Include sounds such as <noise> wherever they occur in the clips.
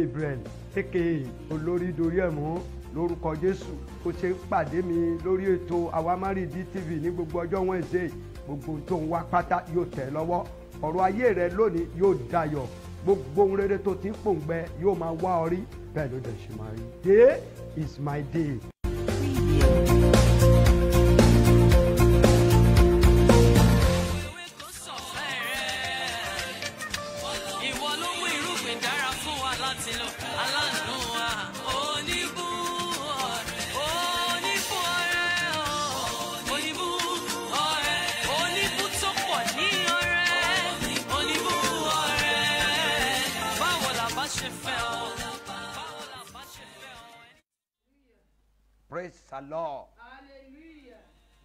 gabriel aka olórí dorí ẹ̀ lórúkọ jésù ó ṣe pàdé mi lórí ètò àwámárìdí tv ní gbogbo ọjọ́ Wednesday gbogbo tó ń wá pátá yóò tẹ̀ lọ́wọ́ ọ̀rọ̀ ayé rẹ lónìí yóò dayọ̀ gbogbo ohun rere tó ti ń pòǹgbẹ yóò máa wá ọ rí bẹ́ẹ̀ ló dẹ̀ ṣe máa rí day is my day.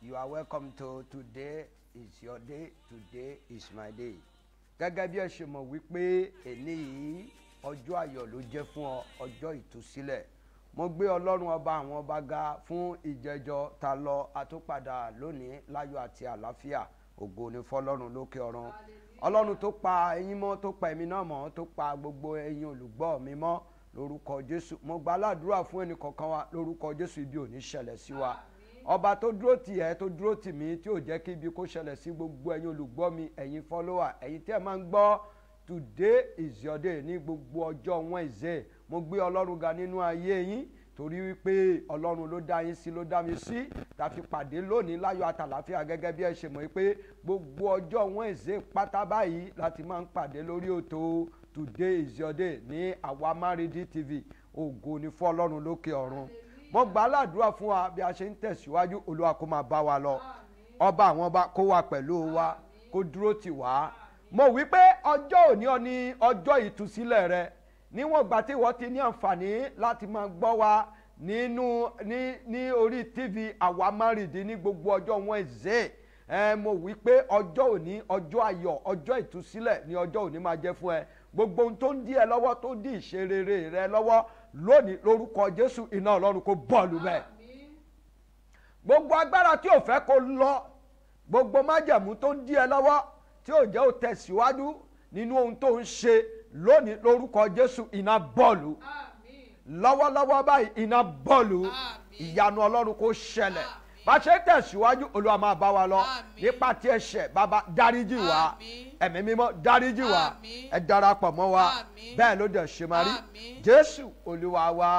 you are welcome to today is your day today is my day gẹ́gẹ́ bí ẹ ṣe mọ̀ wípé èní yìí ọjọ́ ayọ̀ ló jẹ́ fún ọ ọjọ́ ìtúsílẹ̀ mo gbé ọlọ́run ọba àwọn ọba ga fún ìjẹjọ ta lọ àtúpadà lónìí láyọ̀ àti àlàáfíà ògo ni fọlọ́run lókè ọ̀run ọlọ́run tó pa ẹ̀yin mọ́ tó pa èmi náà mọ́ tó pa gbogbo ẹ̀yin olùgbọ́ mi mọ́ lórúkọ jésù mo gbàládùúrà fún ẹnì kọ̀ọ̀kan wa lórúkọ jésù ibi ò ní ṣẹlẹ̀ sí wa. Amen ọba tó dúró tì ẹ́ tó dúró tì mí tí ò jẹ́ kí ibi kó ṣẹlẹ̀ sí gbogbo ẹ̀yin olùgbọ́ mi ẹ̀yin fọ́lọ́wà ẹ̀yin tí ẹ máa ń gbọ́ today is your day ní gbogbo ọjọ́ Wednesday mo gbé ọlọ́run ga nínú ayé yín torí wípé ọlọ́run ló dá yín sí ló dá mi sí tá fi pàdé lónìí láyọ̀ àtàlàfíà gẹ́gẹ́ bí ẹ ṣe mọ̀ pé gbogbo ọjọ́ Wednesday pátá báyìí láti máa ń pàdé lórí ètò today is your day ní àwa Maridi TV ògo ni fún ọlọ́run lókè ọ̀run mo gbà ládùúrà fún wa bí a ṣe ń tẹ̀síwájú olúwa kó máa bá wa lọ ọba àwọn ọba kó wà pẹ̀lú wa kó dúró tì wá mo wí pé ọjọ́ òní ọ ni ọjọ́ ìtúsílẹ̀ rẹ níwọ̀n gbà tí wọ́n ti ní àǹfààní láti máa gbọ́ wa nínú ní ní orí tv àwa márìndín ní gbogbo ọjọ́ Wednesday ẹ mo wí pé ọjọ́ òní ọjọ́ ayọ̀ ọjọ́ ìtúsílẹ̀ ni ọjọ́ òní máa jẹ́ fún ẹ gbogbo ohun tó ń dí ẹ lọ́wọ́ tó ń dí ìṣerere rẹ lọ́wọ́ lónìí lórúkọ jésù iná ọlọ́run kó bọ́ọ̀lù bẹ́ẹ̀ gbogbo agbára tí ò fẹ́ kó lọ gbogbo májẹ̀mú tó ń dí ẹ lọ́wọ́ tí ò jẹ́ ò tẹ̀síwájú nínú ohun tó ń ṣe lónìí lórúkọ jésù iná bọ́ọ̀lù lọ́wọ́lọ́wọ́ báyìí iná bọ́ọ̀lù ìyanu ọlọ́run kó ṣẹlẹ̀. Amen bá ṣe tẹ̀síwájú olúwa máa bá wa lọ nípa tí ẹ ṣẹ̀ bàbá dáríjì wá ẹ̀mí mímọ́ dáríjì wá ẹ darapọ̀ mọ́ wa bẹ́ẹ̀ ló dẹ̀ ṣe máa rí jésù olúwa wa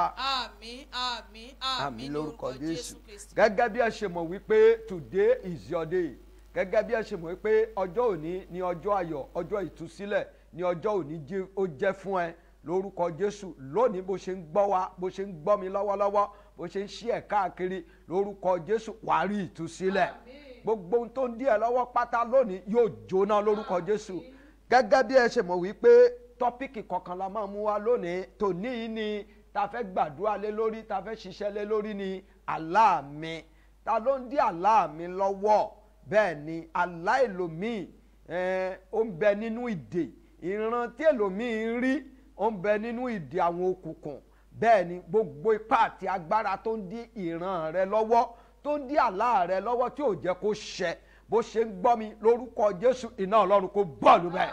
àmín lórúkọ jésù gẹ́gẹ́ bí ẹ ṣe mọ̀ wípé today is your day gẹ́gẹ́ bí ẹ ṣe mọ̀ wípé ọjọ́ òní ni ọjọ́ ayọ̀ ọjọ́ ìtúsílẹ̀ ni ọjọ́ òní ó jẹ́ fún ẹ lórúkọ jésù lónìí bó ṣe ń gbọ́ wa bó ṣe ń gbọ́ mi lọ́wọ́lọ́wọ́ bó ṣe ń ṣí ẹ̀ káàkiri lórúkọ jésù wàá rí ìtúsílẹ̀ gbogbo ohun tó ń dí ẹ lọ́wọ́ pátá lónìí yóò jóná lórúkọ jésù gẹ́gẹ́ bí ẹ ṣe mọ̀ wípé tọ́píkì kọ̀ọ̀kan la máa mú wá lónìí tòní ni ta fẹ́ gbàdúrà lé lórí ta fẹ́ ṣiṣẹ́ lé lórí ni àlá mi ta ló ń dí àlá mi lọ́wọ́ bẹ́ẹ̀ ni àlá èlòmíì ó ń bẹ nínú ìdè ìrántí èlòmíì ń rí ó ń bẹ nínú ìdè àwọn òkùnkùn bẹ́ẹ̀ ni gbogbo ipá àti agbára tó ń dí ìran rẹ lọ́wọ́ tó ń dí àlá rẹ lọ́wọ́ tí ò jẹ́ kó ṣẹ bó ṣe ń gbọ́ mi lórúkọ Jésù iná Ọlọ́run kó bọ́ọ̀lù bẹ́ẹ̀.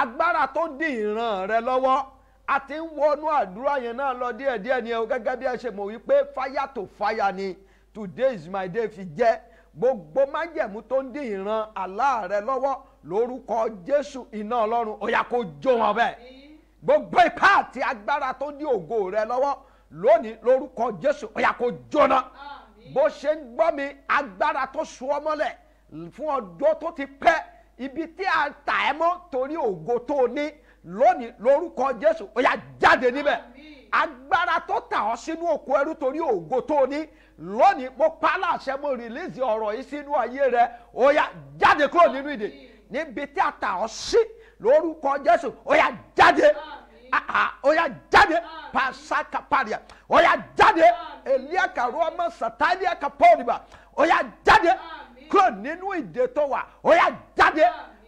agbára tó ń dí ìran rẹ lọ́wọ́ a ti ń wọnú àdúrà yẹn náà lọ díẹ̀díẹ̀ ni o gẹ́gẹ́ bí ẹ ṣe mọ̀ wípé fire to fire ni today is my day fi jẹ́ gbogbo májẹ̀mú tó ń dí ìran àlá rẹ lọ́wọ́ lórúkọ Jésù iná Ọlọ́run ó yá kó jó wọn bẹ́ẹ̀ gbogbo ipá àti agbára tó ní ògo rẹ lọ́wọ́ lónìí lórúkọ jésù ó yá kó jóná bó ṣe ń gbọ́ mi agbára tó so ọ mọ́lẹ̀ fún ọjọ́ tó ti pẹ́ ibi tí a tà ẹ́ mọ́ torí ògo tó o ní lónìí lórúkọ jésù ó yá jáde níbẹ̀ agbára tó tà ọ́ sínú òkú ẹrú torí ògo tó o ní lónìí mo pa láṣẹ mo rìlíìsì ọ̀rọ̀ yìí sínú ayé rẹ ó yá jáde kúrò nínú ìdè níbi tí a tà ọ́ sí lórúkọ jésù ó jáde. Amen. Oya ah, jade ah, jáde pàṣà oya jade elia jáde èlíà kàró ọmọ sàtáníà kápọ́ọ̀lìbà ó yá jáde ah. kúrò nínú ìdè tó wà ó yá jáde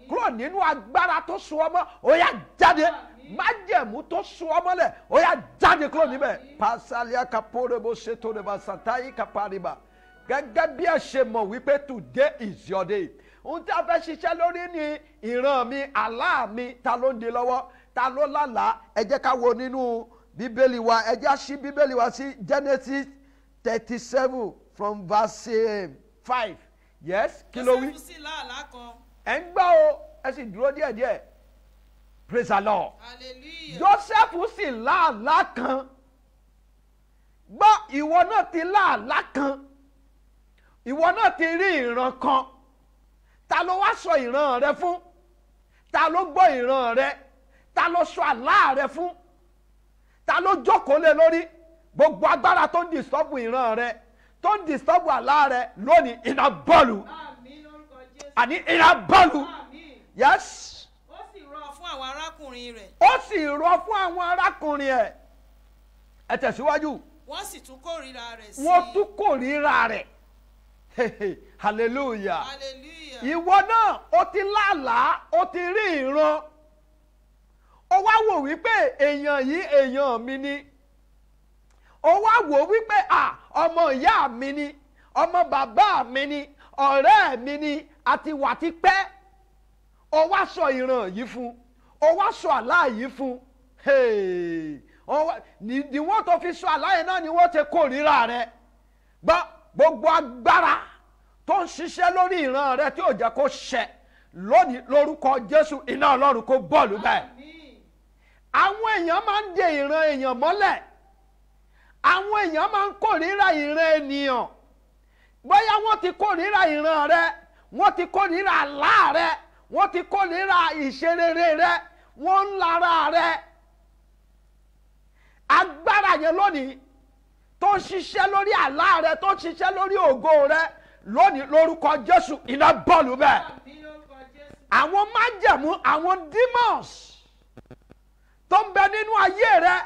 kúrò nínú agbára tó sún ọmọ ó yá jáde májẹ̀mú tó sún ọmọ lẹ̀ ó yá kúrò níbẹ̀ pàṣàlíà kápọ́ọ̀lìbà ṣètò rẹ̀ bá sàtáyì bí ẹ ṣe mọ̀ wípé today is your day ohun tí a fẹ́ lórí ni ìran mi àlá mi ta ló ń di lọ́wọ́ ta ló lálàá ẹ jẹ́ ká wo nínú bíbélì wa ẹ jẹ́ àṣì bíbélì wa sí Genesis thirty seven from verse um, five yes kí ló wí. ẹ ń gbọ́ o ẹ sì dúró díẹ̀díẹ̀ praise the lord hallelujah joseph sì láàlá kan gbọ́ ìwọ náà ti láàlá kan ìwọ náà ti rí ìran kan ta ló wá sọ ìran rẹ fún ta ló gbọ́ ìran rẹ ta ló sọ àlá rẹ fún ta ló jókòó lé lórí gbogbo agbára tó ń disturbu ìran rẹ tó ń disturbu àlá rẹ lónìí iná bọ́ọ̀lù àní iná bọ́ọ̀lù yes. ó sì rọ fún àwọn arákùnrin rẹ̀. ó sì rọ fún àwọn arákùnrin ẹ̀ ẹ tẹ̀síwájú. wọ́n sì tún kórìíra rẹ̀ sí. wọ́n tún kórìíra rẹ̀ hallelujah. hallelujah. ìwọ náà o ti lálàá o ti rí ìran ó wá wò wípé èèyàn yìí èèyàn mi ni ó wá wò wípé à ọmọ ìyá mi ni ọmọ bàbá mi ni ọ̀rẹ́ mi ni àti wà ti pẹ́ ó wá sọ ìran yìí fún ó wá sọ àlá yìí fún ni wọ́n tó fi sọ àlá yẹn náà ni wọ́n ti kórìíra rẹ gbọ́ gbogbo agbára tó ń ṣiṣẹ́ lórí ìran rẹ tí ò jẹ́ kó ṣẹ lónìí lórúkọ Jésù iná Ọlọ́run kó bọ́ọ̀lù bẹ́ẹ̀ àwọn èèyàn máa ń de ìran èèyàn mọ́lẹ̀ àwọn èèyàn máa ń kórìíra ìran ènìyàn bóyá wọ́n ti kórìíra ìran rẹ wọ́n ti kórìíra àlá rẹ wọ́n ti kórìíra ìṣerere rẹ wọ́n ń lara rẹ agbára yẹn lónìí tó ń ṣiṣẹ́ lórí àlá rẹ tó ń ṣiṣẹ́ lórí ògo rẹ lónìí lórúkọ Jésù iná bọ́ọ̀lù bẹ́ẹ̀ àwọn májẹ̀mú àwọn demons tó ń bẹ nínú ayé rẹ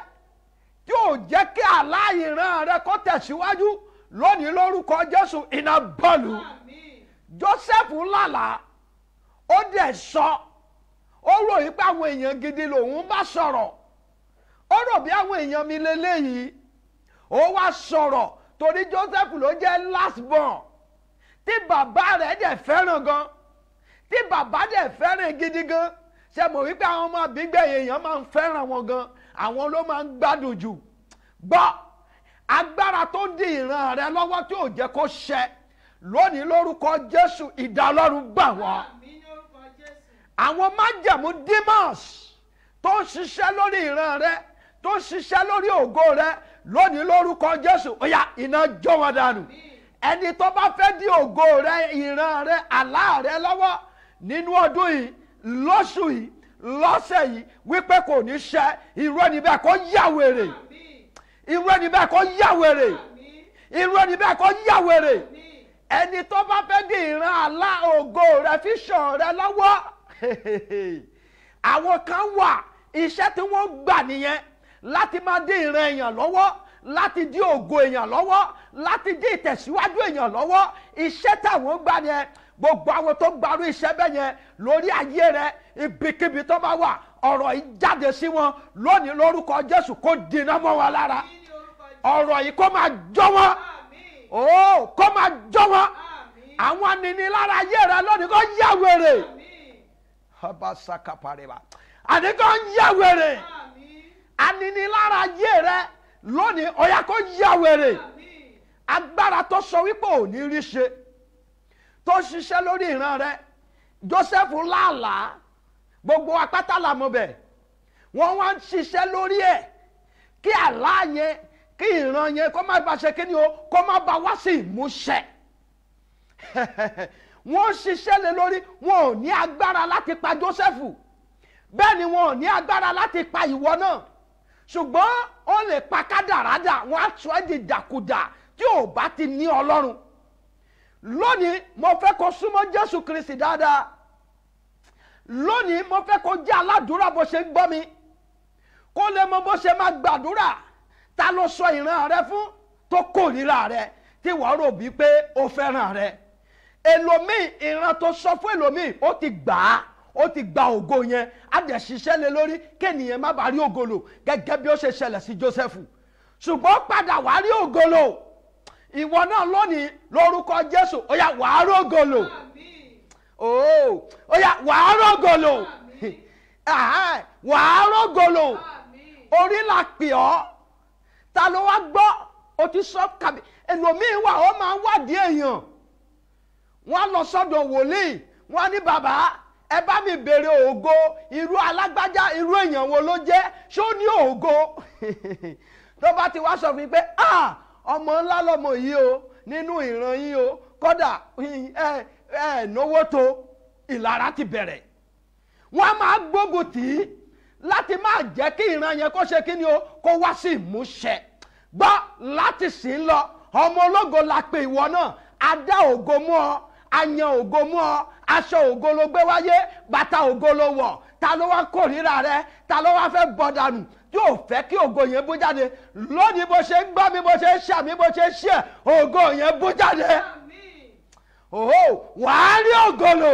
tí ò jẹ́ kí aláìran rẹ kó tẹ̀síwájú lónìí lórúkọ Jésù iná bọ́ọ̀lù Joseph lálàá ó dẹ̀ sọ ó rò yí pé àwọn èèyàn gidi lòun bá sọ̀rọ̀ ó rò bí àwọn èèyàn mi lélẹ́yìí ó wá sọ̀rọ̀ torí Joseph ló jẹ́ last born tí bàbá rẹ̀ dẹ̀ fẹ́ràn gan tí bàbá dẹ̀ fẹ́ràn gidi gan ṣe mọ̀ wípé àwọn ọmọ àbígbẹ̀yìn èèyàn máa ń fẹ́ràn wọn gan àwọn ló máa ń gbádùn jù gbọ́ agbára tó di ìran rẹ lọ́wọ́ tí ò jẹ́ kó ṣẹ lónìí lórúkọ Jésù ìdálọ́run gbà wọ́n àwọn májẹ̀mú demons tó ń ṣiṣẹ́ lórí ìran rẹ tó ń ṣiṣẹ́ lórí ògo rẹ lónìí lórúkọ Jésù ó yá iná jó wọn dànù ẹni tó bá fẹ́ di ògo rẹ ìran rẹ àlá rẹ lọ́wọ́ nínú ọdún yìí lóṣù yìí lọ́sẹ̀ yìí wípé kò ní ṣẹ irú ẹni bẹ́ẹ̀ kó yà wèrè irú ẹni bẹ́ẹ̀ kó yà wèrè irú ẹni bẹ́ẹ̀ kó yà wèrè ẹni tó bá fẹ́ di ìran àlá ògo rẹ fi ṣàn rẹ lọ́wọ́ àwọn kan wà iṣẹ́ tí wọ́n gbà nìyẹn láti máa di ìran èèyàn lọ́wọ́ láti di ògo èèyàn lọ́wọ́ láti di ìtẹ̀síwájú èèyàn lọ́wọ́ iṣẹ́ táwọn gbà nìyẹn gbogbo àwọn tó gbarú iṣẹ́ bẹ́ẹ̀ yẹn lórí ayé rẹ ibikíbi tó bá wà ọ̀rọ̀ yìí jáde sí wọn lónìí lórúkọ Jésù kó dìnnà mọ́ wọn lára ọ̀rọ̀ yìí kó máa jọ wọn ó kó máa jọ wọn àwọn aninilára ayé rẹ lónìí kó yá wèrè habasakapareba àní kó yá wèrè aninilára ayé rẹ lónìí ọ̀yà kó yá wèrè agbára tó sọ wípé ò ní rí ṣe tó ṣiṣẹ́ lórí ìran rẹ Joseph làálàá gbogbo apátá làmọ́ bẹ̀ wọ́n wá ń ṣiṣẹ́ lórí ẹ̀ kí àlá yẹn kí ìran yẹn kó má ba ṣe ni o kó má ba wá sí ìmúṣẹ <laughs> wọ́n ṣiṣẹ́ lé lórí wọn ò ní agbára láti pa Joseph bẹ́ẹ̀ ni wọn ò ní agbára láti pa ìwọ náà ṣùgbọ́n ó lè pa kádàrádà wọn á sọ ẹ́ di dàkudà tí ò bá ti ní Ọlọ́run lónìí mo fẹ́ kó súnmọ́ jésù kristi dáadáa lónìí mo fẹ́ kó jẹ́ aládùúrà bó ṣe ń gbọ́ mi kó lè mọ bó ṣe máa gbàdúrà ta ló sọ ìran rẹ fún tó kórìíra rẹ tí wọ́n rò bí pé ó fẹ́ràn rẹ ẹlòmíì ìran tó sọ fún ẹlòmíì ó ti gbà á ó ti gba ògo yẹn á dẹ̀ ṣiṣẹ́ lé lórí kéènìyàn má bàa rí ògo lò gẹ́gẹ́ bí ó ṣe ṣẹlẹ̀ sí Jósẹ́fù ṣùgbọ́n padà wá rí ògo lò ìwọ náà lónìí lórúkọ jésù ó yá wàá rògòlò oh, ó yá wàá rògòlò <laughs> wàá rògòlò orí la pè ọ́ ta ló wá gbọ́ o ti sọ kàbí ẹlòmíín wà ó máa ń wádìí èèyàn wọ́n á lọ sọ́dọ̀ wòlíì wọ́n á ní bàbá ẹ bá mi béèrè ògo irú alágbájá irú èèyàn wo ló jẹ́ ṣó ní ògo <laughs> tó bá ti wá sọ fún mi pé ah ọmọ ńlá lọmọ yìí o nínú ìran yìí o kódà ẹ ẹ náwó tó ìlara ti bẹ̀rẹ̀ wọ́n á máa gbógun tì í láti máa jẹ́ kí ìran yẹn kó ṣe kí ni o kó wá sí ìmúṣẹ gbọ́ láti sìn lọ ọmọ ológo la pè ìwọ náà adá ògo mú ọ ayan ògo mú ọ aṣọ ògo ló gbé wáyé bàtà ògo ló wọ̀ ta ló wá kórìíra rẹ ta ló wá fẹ́ bọ̀ dànù yóò fẹ́ kí ògo yẹn bú jáde lónìí bó ṣe ń gbọ́ mi bó ṣe ń ṣàmì bó ṣe ń ṣe ògo yẹn bú jáde òhò wàá rí ògolo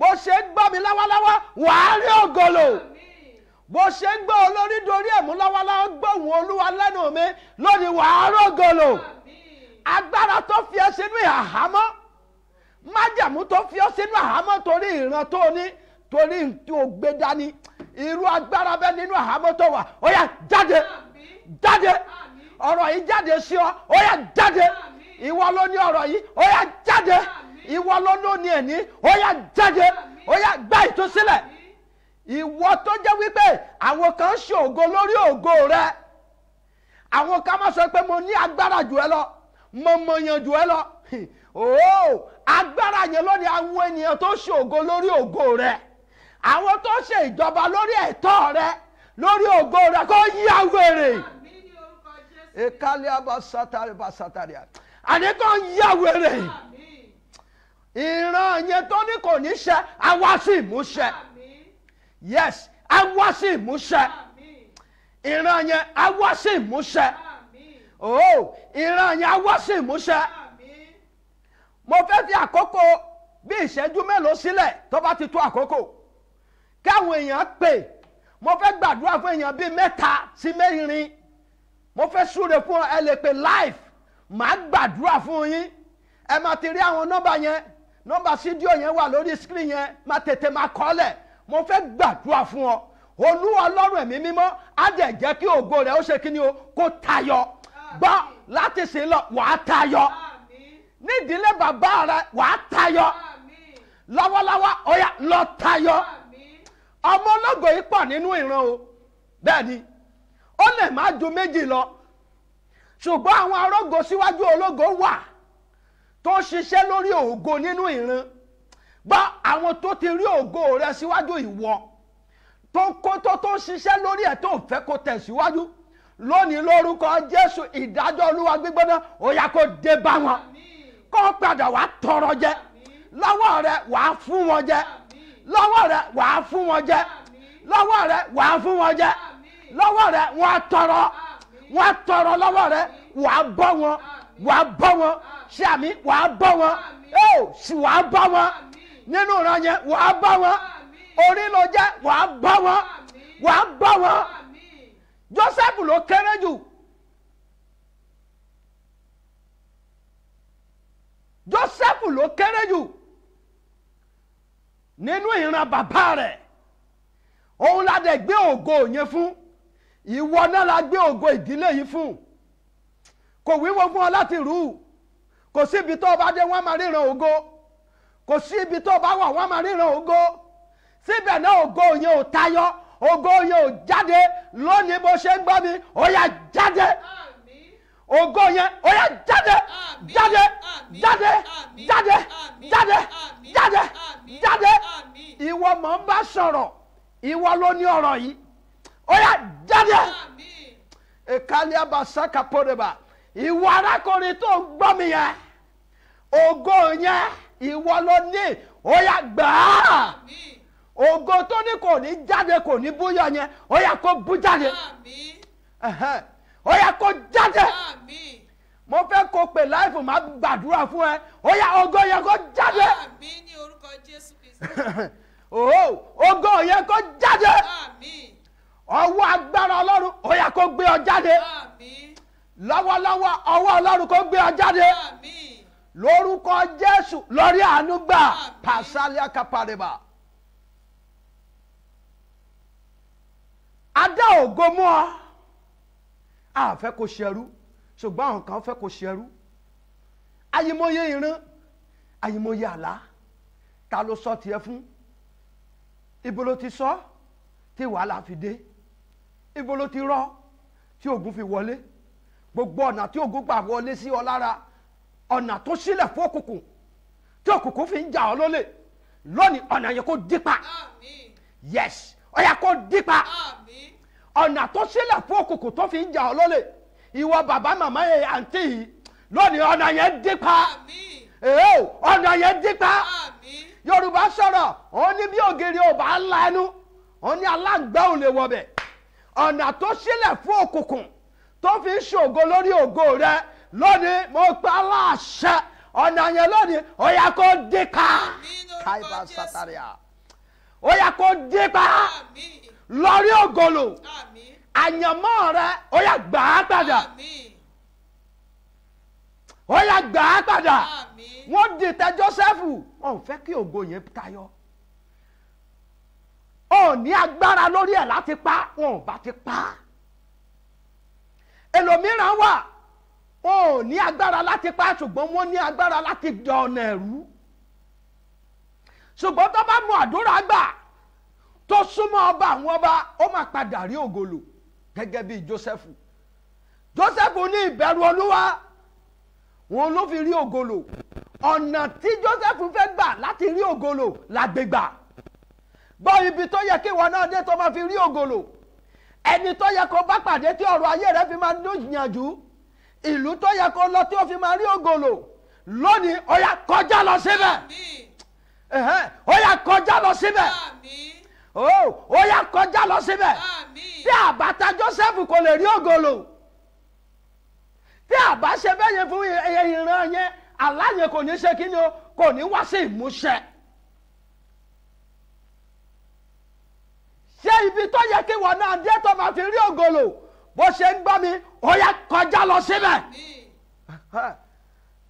bó ṣe ń gbọ́ mi láwáláwá wàá rí ògolo bó ṣe ń gbọ́ olórí dorí ẹ̀mú láwáláwá gbóhùn olúwa lẹ́nu mi lónìí wàá rí ògolo agbára tó fi ẹ́ sínú ìhàhámọ́ májàmú tó fi ọ́ sínú àhámọ́ torí ìran tó ní torí tó dání irú agbára bẹ́ẹ̀ nínú àhámọ́ tó wà ó yá jáde jáde ọ̀rọ̀ yìí jáde sí ọ ó yá jáde ìwọ ló ní ọ̀rọ̀ yìí ó yá jáde ìwọ ló ní ẹ̀ní ó yá jáde ó yá gba ìtúsílẹ̀ ìwọ tó jẹ́ wípé àwọn kan ń ṣe ògo lórí ògo rẹ àwọn kan máa sọ pé mo ní agbára jù ẹ lọ mo mọ̀yàn jù ẹ lọ ooo <laughs> agbára yẹn lónìí àwọn ènìyàn tó ṣe ògo lórí ògo rẹ àwọn tó ṣe ìjọba lórí ẹ̀tọ́ rẹ lórí ògo rẹ kó yá wèrè ìkálẹ̀ abasátari basátari àní kó yá wèrè ìran yẹn tó ní kò ní ṣe àwa sí ìmúṣẹ yes àwa sí ìmúṣẹ ìran yẹn àwa sí ìmúṣẹ oh ìran yẹn àwa sí ìmúṣẹ mo fẹ́ fi àkókò bí ìṣẹ́jú mélòó sílẹ̀ tó bá ti tó àkókò káwọn èèyàn pè mo fẹ́ gbàdúrà fún èèyàn bíi mẹ́ta sí mẹ́rin mo fẹ́ súre fún ẹ lè pè live màá gbàdúrà fún yín ẹ máa ti rí àwọn nọ́mbà yẹn nọ́mbà sídíò yẹn wà lórí screen yẹn máa tètè máa kọ́lẹ̀ mo fẹ́ gbàdúrà fún ọ olúwa ọlọ́run ẹ̀mí mímọ́ á dẹ̀ jẹ́ kí ògo rẹ̀ ó ṣe kí ni o kó tayọ gbọ́ láti ṣe lọ wàá tayọ nídìílé bàbá rẹ wàá tayọ lọ́wọ́lọ́wọ́ ó lọ tayọ. Amen ọmọ ológo yìí pọ̀ nínú ìran o bẹ́ẹ̀ ni ó lè má ju méjì lọ ṣùgbọ́n àwọn arógo síwájú ológo wà tó ṣiṣẹ́ lórí ògo nínú ìran gbọ́ àwọn tó ti rí ògo rẹ síwájú ìwọ tó kó tó tó ṣiṣẹ́ lórí ẹ̀ tó fẹ́ kó tẹ̀síwájú lónìí lórúkọ Jésù ìdájọ́ olúwa gbígbóná ó yá dé bá wọn kó padà wá tọrọ jẹ lọ́wọ́ rẹ wàá fún wọn jẹ lọ́wọ́ rẹ wàá fún wọn jẹ lọ́wọ́ rẹ wàá fún wọn jẹ lọ́wọ́ rẹ wọ́n á tọrọ wọ́n á tọrọ lọ́wọ́ rẹ wàá bọ́ wọn wàá bọ́ wọn ṣé àmì wàá bọ́ wọn ó sì wàá bọ́ wọn nínú ìran yẹn wàá bọ́ wọn orí ló jẹ́ wàá bọ́ wọn wàá bọ́ wọn Joseph ló kéré jù. Joseph ló kéré jù nínú ìran bàbá rẹ̀ òun la dẹ̀ gbé ògo yẹn fún ìwọ náà la gbé ògo ìdílé yìí fún kò wíwo fún ọ láti rú kò sí ibi tó o bá dé wọ́n máa ríran ògo kò sí ibi tó o bá wà wọ́n máa ríran ògo síbẹ̀ náà ògo yẹn ò tayọ ògo yẹn ò jáde lónìí bó ṣe ń gbọ́ mi ó yá jáde. Ah ògo yẹn ó yá jáde jáde jáde jáde jáde jáde jáde ìwọ mọ̀ ń bá sọ̀rọ̀ ìwọ ló ní ọ̀rọ̀ yìí ó yá jáde ìkàlẹ́ abasa kàpọ̀débà ìwọ arákùnrin tó ń gbọ́ mi yẹn ògo yẹn ìwọ ló ní ó yá gbà á ògo tó ní kò ní jáde kò ní búyọ yẹn ó yá kó bú jáde ó yá kó jáde mo fẹ́ kó pè láìfò máa gbàdúrà fún ẹ ó yá ògo yẹn kó jáde <laughs> ògo yẹn kó jáde ọwọ́ agbára ọlọ́run ó yá kó gbé ọ jáde lọ́wọ́lọ́wọ́ ọwọ́ ọlọ́run kó gbé ọ jáde lórúkọ jésù lórí àánú gbà pàṣálíà kápárẹ̀bà. adá ògo mọ́ ọ a fẹ́ kó ṣẹrú ṣùgbọ́n àwọn kan fẹ́ kó ṣẹrú àyìmọye ìran àyìmọye àlá ta ló sọ tiẹ̀ fún ibo ti sọ tí wàhálà fi dé ibo ti rọ tí ogun fi wọlé gbogbo ọ̀nà tí ogun gbà wọlé sí ọ lára ọ̀nà tó sílẹ̀ fún òkùnkùn tí òkùnkùn fi ń jà ọ́ lólè lónìí ọ̀nà yẹn kó dípa yes ó yá kó dípa. Àmín ọ̀nà tó sílẹ̀ fún òkùnkùn tó fi ń jà ọ́ lólè ìwọ bàbá màmá yẹn àǹtí yìí lónìí ọ̀nà yẹn dípa ọ̀nà yẹn dípa yorùbá sọ̀rọ̀ ó ní bí ògiri ò bá la ẹnu ó ní aláǹgbá lè wọbẹ̀ ọ̀nà tó sílẹ̀ fún òkùnkùn tó fi ń ṣògo lórí ògo rẹ lónìí mo pa aláṣẹ ọ̀nà yẹn lónìí ó yá kó dípa káìbá sátárìà ó yá kó dípa. Àmín lórí ògolo àyànmọ́ rẹ ó yá gbà á padà ó yá gbà á padà wọ́n dìtẹ̀ Jósẹ́fù wọn ò fẹ́ kí ògo yẹn tayọ ò ní agbára lórí ẹ̀ láti pa wọn ò bá ti pa ẹlòmíràn wà wọn ò ní agbára láti pa ṣùgbọ́n wọ́n ní agbára láti dọ̀nà ẹ̀rú ṣùgbọ́n tó bá mú àdúrà gbà tó súnmọ́ ọba àwọn ọba ó máa padà rí ògolo gẹ́gẹ́ bíi Jósẹ́fù Jósẹ́fù ní ìbẹ̀rù Olúwa wọn ló fi rí ògolo ọ̀nà tí Jósẹ́fù fẹ́ gbà láti rí ògolo làgbègbà gbọ́ ibi tó yẹ kí ìwọ náà dé tó máa fi rí ògolo ẹni tó yẹ kó bá pàdé tí ọ̀rọ̀ ayé rẹ fi máa níyànjú ìlú tó yẹ kó lọ tí ó fi máa rí ògolo lónìí ó yá kọjá lọ síbẹ̀ ó yá kọjá lọ síbẹ̀. Àmín ó yá kọjá lọ síbẹ̀ tí àbáta Joseph kò lè rí ògolo tí àbá ṣe bẹ́ẹ̀ yẹn fún ìran yẹn aláyẹn kò ní ṣe kí ni o kò ní wá sí ìmúṣẹ. ṣé ibi tó yẹ kí wọn náà dé tó máa fi rí ògolo bó ṣe ń gbọ́ mi ó yá kọjá lọ síbẹ̀.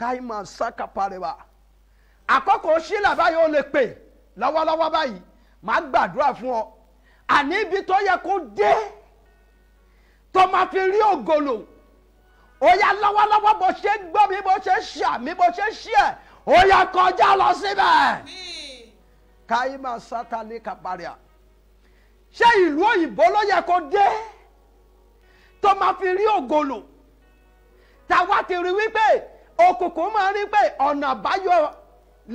káyìmọ̀ sákàpàrẹ̀wà àkókò sílẹ̀ báyìí ó lè pè lọ́wọ́lọ́wọ́ báyìí màá gbàdúrà fún ọ àní ibi tó yẹ kó dé tó máa fi rí ògolo ó yá lọ́wọ́lọ́wọ́ bó ṣe gbọ́ mi bó ṣe ṣàmì bó ṣe ṣí ẹ̀ ó yá kọjá lọ síbẹ̀ káyímà sátani kàbàrìà ṣé ìlú òyìnbó ló yẹ kó dé tó máa fi rí ògolo tàwa ti rí wípé òkùnkùn máa rí pé ọ̀nà àbáyọ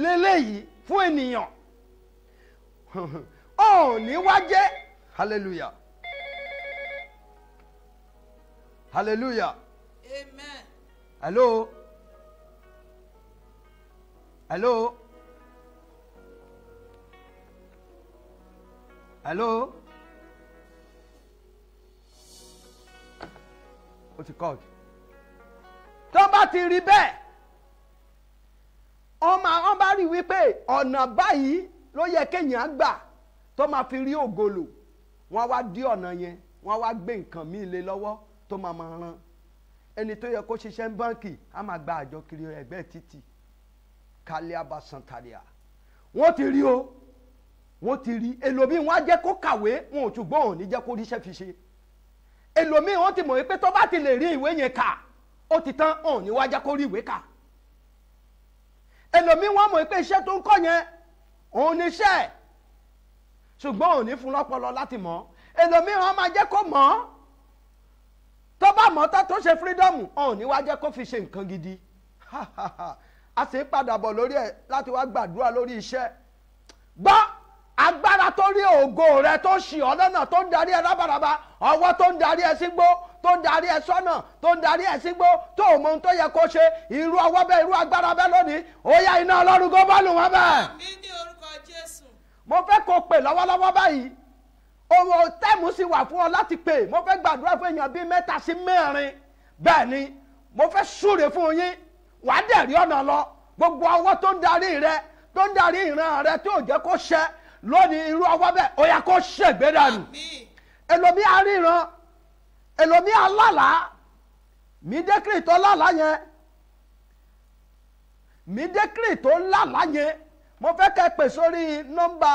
lélẹ́yìí fún ènìyàn ò <laughs> ní wá jẹ́ hallelujah hallelujah amen hello hello hello ó ti kọ́ọ̀tù tó bá ti rí bẹ́ẹ̀ ọmọ àwọn bá rí wípé ọ̀nà báyìí ló yẹ kéèyàn gbà tó máa fi rí ògolo wọ́n wá dí ọ̀nà yẹn wọ́n wá gbé nǹkan míì lé lọ́wọ́ tó máa máa ran ẹni tó yẹ kó ṣiṣẹ́ ń báǹkì á máa gba àjọ kiri ẹ̀gbẹ́ títì kálí abasan tàlíà wọ́n ti rí o wọ́n ti rí ẹlòmíì wọ́n á jẹ́ kó kàwé wọn ò ṣùgbọ́n òní jẹ́ kó ríṣẹ́ fi ṣe ẹlòmíì wọ́n ti mọ̀ wípé tó bá ti lè rí ìwé yẹn kà ó ti tán òní wá jẹ́ kó rí ìwé kà ẹlòmíì wọ́n mọ̀ wípé iṣẹ́ tó ń kọ́ yẹn òun níṣẹ́ ṣùgbọ́n òun ní fún lọ́pọlọ láti mọ̀ ẹlòmíràn máa jẹ́ kó mọ̀ tó bá mọ̀ tó tó ṣe fírídọ́ọ̀mù òun ní wá jẹ́ kó fi ṣe nǹkan gidi a sì ń padà bọ̀ lórí ẹ̀ láti wá gbàdúrà lórí iṣẹ́ gbọ́ agbára tó rí ògo rẹ tó ṣì ọ́ lọ́nà tó ń darí ẹ rábàràbà ọwọ́ tó ń darí ẹ sígbó tó ń darí ẹ sọ́nà tó ń darí ẹ sígbó tó ò mọ ohun tó yẹ kó ṣe irú ọwọ́ bẹ́ẹ̀ irú agbára bẹ́ẹ̀ lónìí ó yá iná ọlọ́run kó bá bẹ́ẹ̀. àmín ní orúkọ Jésù. mo fẹ́ kó o pè lọ́wọ́lọ́wọ́ báyìí owó tẹ́ẹ̀mù sì wà fún ọ láti pè mo fẹ́ gbàdúrà fún èèyàn bíi mẹ́ta sí mẹ́rin bẹ́ẹ̀ ni mo fẹ́ súre fún yín wàá dẹ̀ rí ọ̀nà lọ gbogbo ọwọ́ tó ń darí rẹ tó ń darí ìran rẹ tí ò jẹ́ kó ṣẹ lónìí irú ọwọ́ bẹ́ẹ̀ ó yẹ kó ṣègbè dànù èlòmí aríran èlòmí alálàá mi dékìrì tó lálàá yẹn mi dékìrì tó lálàá yẹn mo fẹ́ kẹ́ pè sórí nọ́mbà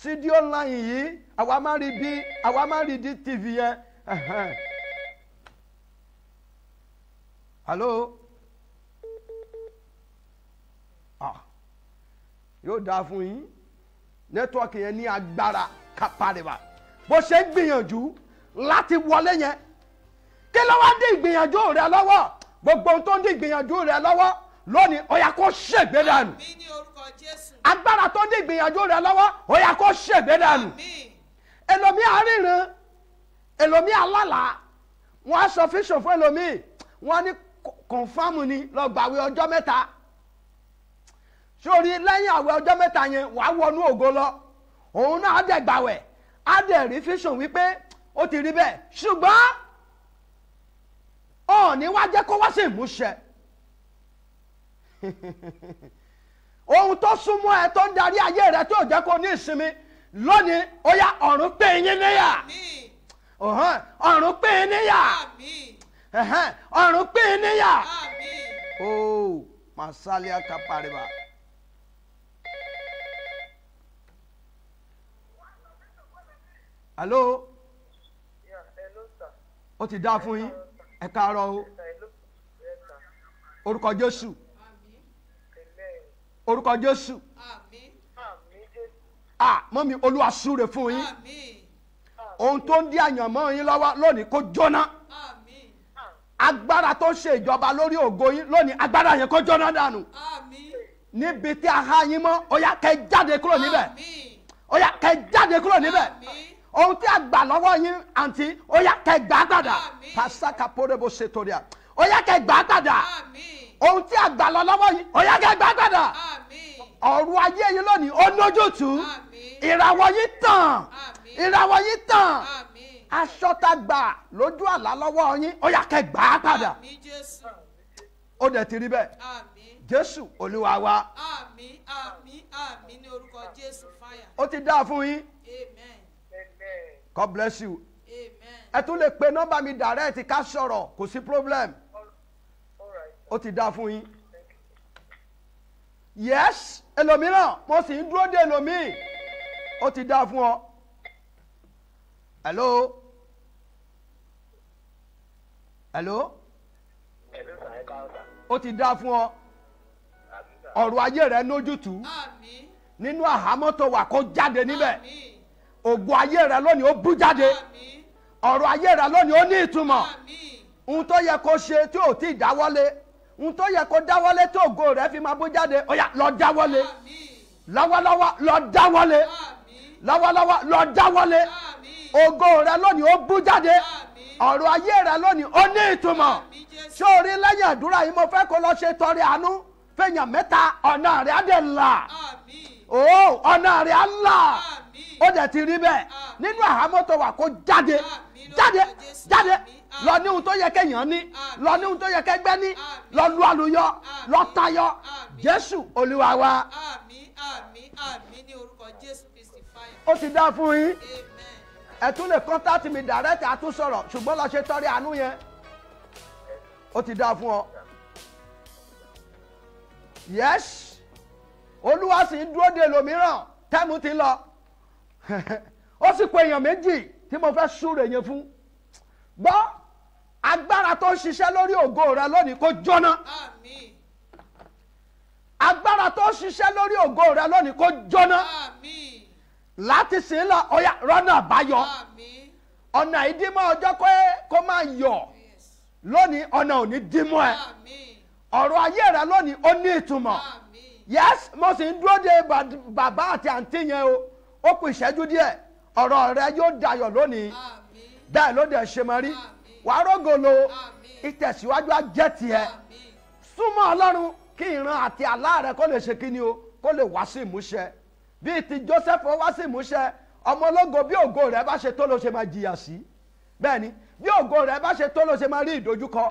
sídìí online yìí àwa máa rí bí àwa máa rí di tv yẹn. hello ah yóò dáa fún yín nẹ́tíwọ́ọ̀kì yẹn ní agbára kápárìbà bó ṣe ń gbìyànjú láti wọlé yẹn kí ló wá dé ìgbìyànjú rẹ lọ́wọ́ gbogbo ohun tó ń dé ìgbìyànjú rẹ lọ́wọ́ lónìí ọ̀yà kó ṣègbè dànù agbára tó ní ìgbìyànjú rẹ lọ́wọ́ ọ̀yà kó ṣègbè dànù ẹlòmí àríran ẹlòmí alálà wọn á sọ fíṣàn fún ẹlòmí wọn ní kọ̀ǹfàmù ni lọ gbàwé ọjọ́ mẹ́ta sórí lẹ́yìn àwẹ̀ ọjọ́ mẹ́ta yẹn wàá wọnú ògo lọ òun náà á dẹ̀ gbàwẹ̀ á dẹ̀ rí fíṣàn wípé ó ti rí bẹ́ẹ̀ ṣùgbọ́n ọ̀ọ́ni wá jẹ́ kó wá sí ìmúṣẹ. <laughs> ohun tó súnmọ́ ẹ tó ń darí ayé rẹ tó jẹ́ kó ní ìsinmi lónìí ó yá ọ̀run pé yín níyà ọ̀run pé yín níyà ọ̀run pé yín níyà alo o ti da fun yín ẹ o orúkọ orúkọ jésù ah mọ́mi olúwa súre fún yín ohun tó ń dí àyànmọ́ yín lọ́wọ́ lónìí kó jóná agbára tó ń ṣe ìjọba lórí ògo yín lónìí agbára yẹn kó jóná dànù níbi tí a há yín mọ́ ó yá kẹ́ jáde kúrò níbẹ̀ ó yá kẹ́ jáde kúrò níbẹ̀ ohun tí a gbà lọ́wọ́ yín àǹtí ó yá kẹ́ gbà pàṣẹ kàpọ́rẹ́bù ṣètò rẹ̀ ó yá kẹ́ gbà ohun tí a gbà lọ lọ́wọ́ yìí ọ̀yá kẹgbẹ́ gbàdà ọ̀rọ̀ ayé yìí lónìí ó nójútùú ìràwọ̀ yìí tàn ìràwọ̀ yìí tàn aṣọ tá gbà lójú àlá lọ́wọ́ yín ọ̀yá kẹgbẹ́ padà ó dẹ̀ ti rí bẹ́ẹ̀ jésù olúwa wa ó ti dáa fún yín God bless you ẹ tún lè pe nọ́mbà mi direct ká sọ̀rọ̀ kò sí problem ó ti dá fún yín yes ẹlòmíràn mo sì ń dúró de ẹlòmíì ó ti dá fún ọ hello hello ó ti dá fún ọ ọ̀rọ̀ ayé rẹ lójútùú nínú àhámọ́ tó wà kó jáde níbẹ̀ ògo ayé rẹ lónìí ó bú jáde ọ̀rọ̀ ayé rẹ lónìí ó ní ìtumọ̀ ohun tó yẹ kó ṣe tí ò tí ì dáwọ́lé n tó yẹ kó dáwọ́lé tó ògo rẹ̀ fi máa bó jáde ó yá lọ dáwọ́lé lọ́wọ́lọ́wọ́ lọ dáwọ́lé lọ́wọ́lọ́wọ́ lọ dáwọ́lé ògo rẹ̀ lónìí ó bú jáde ọ̀rọ̀ ayé rẹ̀ lónìí ó ní ìtumọ̀ sórí lẹ́yìn àdúrà yìí mo fẹ́ kó lọ ṣe tọrẹ àánú fẹ̀yàn mẹ́ta ọ̀nà rẹ̀ á dẹ̀ là ọ̀nà rẹ̀ á là ó dẹ̀ ti rí bẹ́ẹ̀ nínú àhámọ́ tó wà kó jáde jáde jáde lọ ní ohun tó yẹ kéèyàn ní lọ ní ohun tó yẹ kẹgbẹ́ ní lọ lu àlùyọ lọ tayọ jésù olúwa wa. ó ti dá fún yín ẹ tún lè kọ́ńtàtì mi dàrẹ́tì àtúnṣọ̀rọ̀ ṣùgbọ́n lọ ṣe tọrẹ àánú yẹn ó ti dá fún ọ. yes olúwa sì ń dúró de lòmíràn tẹ́mu ti lọ. <laughs> ó sì pe èèyàn méjì tí mo fẹ́ súre yẹn fún gbọ́ agbára tó ń ṣiṣẹ́ lórí ògo rẹ lónìí kó jóná agbára tó ń ṣiṣẹ́ lórí ògo rẹ lónìí kó jóná láti sìn lọ ọ̀yà rọ́nà àbáyọ ọ̀nà ìdímọ̀ ọjọ́ kó máa lónìí ọ̀nà dímọ̀ yes mo sì ń dúró de bàbá àti àǹtí yẹn o. ó kù ìṣẹ́jú díẹ̀ ọ̀rọ̀ rẹ yóò dayọ̀ lónìí bẹ́ẹ̀ ló dẹ̀ ṣe mọ́ rí wàá rògolo ìtẹ̀síwájú á jẹ́ tiẹ̀ súnmọ́ ọlọ́run kí ìran àti àlá rẹ kó lè ṣe kí ni o kó lè wá sí ìmúṣẹ bíi ti Joseph wá sí ìmúṣẹ ọmọ ológo bí ògo rẹ bá ṣe tó ló ṣe máa jìyà sí bẹ́ẹ̀ ni bí ògo rẹ bá ṣe tó ló ṣe máa rí ìdojúkọ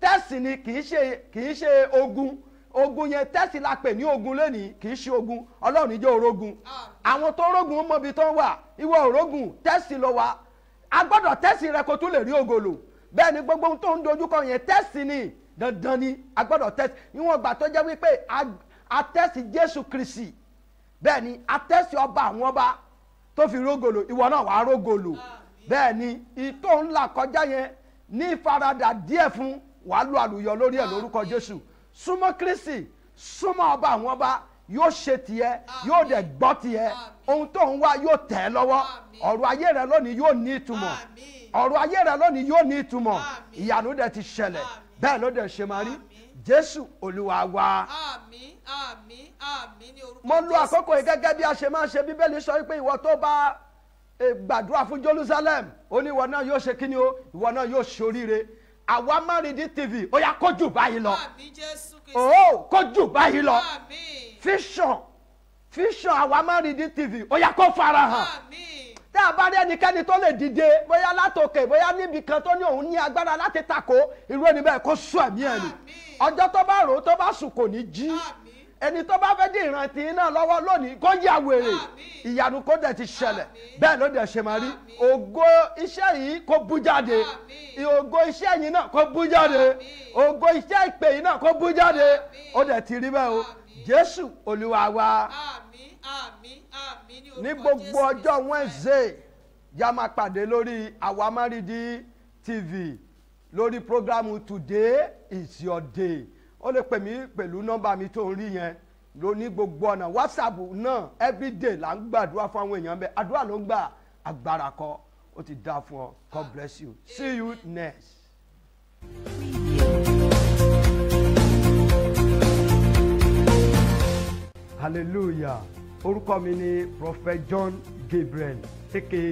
tẹ́sì ni kì í ṣe ogun ogun yẹn tẹ́sí la pè ní ogun lónìí kì í ṣe ogun ọlọ́run níjẹ́ orogun àwọn tó rogun mọbi tó wà ìwọ orogun tẹ́sí ló wà a gbọ́dọ̀ tẹ́sí rẹ kó tún lè rí ògolo bẹ́ẹ̀ ni gbogbo ohun tó ń dojúkọ yẹn tẹ́sí ni dandan ni a gbọ́dọ̀ tẹ́sí níwọ̀n gbà tó jẹ́ wípé a tẹ́sí Jésù Kristi bẹ́ẹ̀ ni a tẹ́sí ọba àwọn ọba tó fi rógolo ìwọ náà wàá rógolo bẹ́ẹ̀ ni ìtò ńlá kọjá yẹn ní ìfaradà díẹ̀ fún wàá lu àlùyọ lórí ẹ̀ lórúkọ Jésù súnmọ́ kristi súnmọ́ ọba àwọn ọba yóò ṣe tiẹ̀ yóò dẹ̀ gbọ́ tiẹ̀ ohun tó ń wá yóò tẹ̀ ẹ́ lọ́wọ́ ọ̀rọ̀ ayé rẹ lónìí yóò ní ìtumọ̀ ọ̀rọ̀ ayé rẹ lónìí yóò ní ìtumọ̀ ìyanu dẹ̀ ti ṣẹlẹ̀ bẹ́ẹ̀ ló dẹ̀ ṣe máa rí jésù olúwa wa. mo lo àkókò yìí gẹ́gẹ́ bí a ṣe máa ṣe bíbélì sọ pé ìwọ tó bá eh, gbàdúrà fún jerusalem ó ní ìwọ náà yóò ṣe kíni o ìwọ náà yóò ṣoríire àwa márìndín tv ó yá kójú báyìí lọ ó kójú báyìí lọ fíṣàn fíṣàn àwa márìndín tv ó yá kó farahàn tá a bá rí ẹnikẹ́ni tó lè dìde bóyá látòkè bóyá níbi kan tó ní òun ní agbára láti takò irú ẹni bẹ́ẹ̀ kó sùn ẹ̀mí ẹ̀ ni ọjọ́ tó bá rò ó tó bá sùn kò ní jí. Àmín ẹni tó bá fẹ́ dín ìrántí náà lọ́wọ́ lónìí kó yà wèrè ìyanu kó dẹ̀ ti ṣẹlẹ̀ bẹ́ẹ̀ ló dẹ̀ ṣe máa rí ògo iṣẹ́ yìí kó bú jáde ògo iṣẹ́ yìí náà kó bú jáde ògo iṣẹ́ ìpè yìí náà kó bú jáde ó dẹ̀ ti rí bẹ́ẹ̀ o Jésù Olúwa wa ní gbogbo ọjọ́ Wednesday yá máa pàdé lórí Àwámárìdí TV lórí programu Today is your day ó lè pè mí pẹ̀lú nọ́mbà mi tó ń rí yẹn lóní gbogbo ọ̀nà whatsapp náà everyday là ń gbàdúrà fún àwọn èèyàn bẹ́ẹ̀ àdúrà ló ń gbà agbára kọ́ ó ti dá fún ọ God bless you see you next. hallelujah orúkọ mi ni prophet John Gabriel aka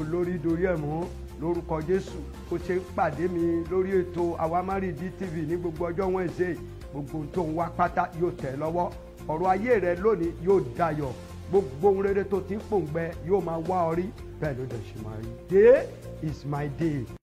olórí dorí ẹ̀ mú lórúkọ Jésù kò ṣe pàdé mi lórí ètò àwámárìdí TV ní gbogbo ọjọ́ Wednesday gbogbo tó ń wá pátá yóò tẹ̀ lọ́wọ́ ọ̀rọ̀ ayé rẹ lónìí yóò dayọ̀ gbogbo ohun rere tó ti ń pòǹgbẹ yóò máa wá ọ rí bẹ́ẹ̀ ló dẹ̀ ṣe máa rí. Day is my day.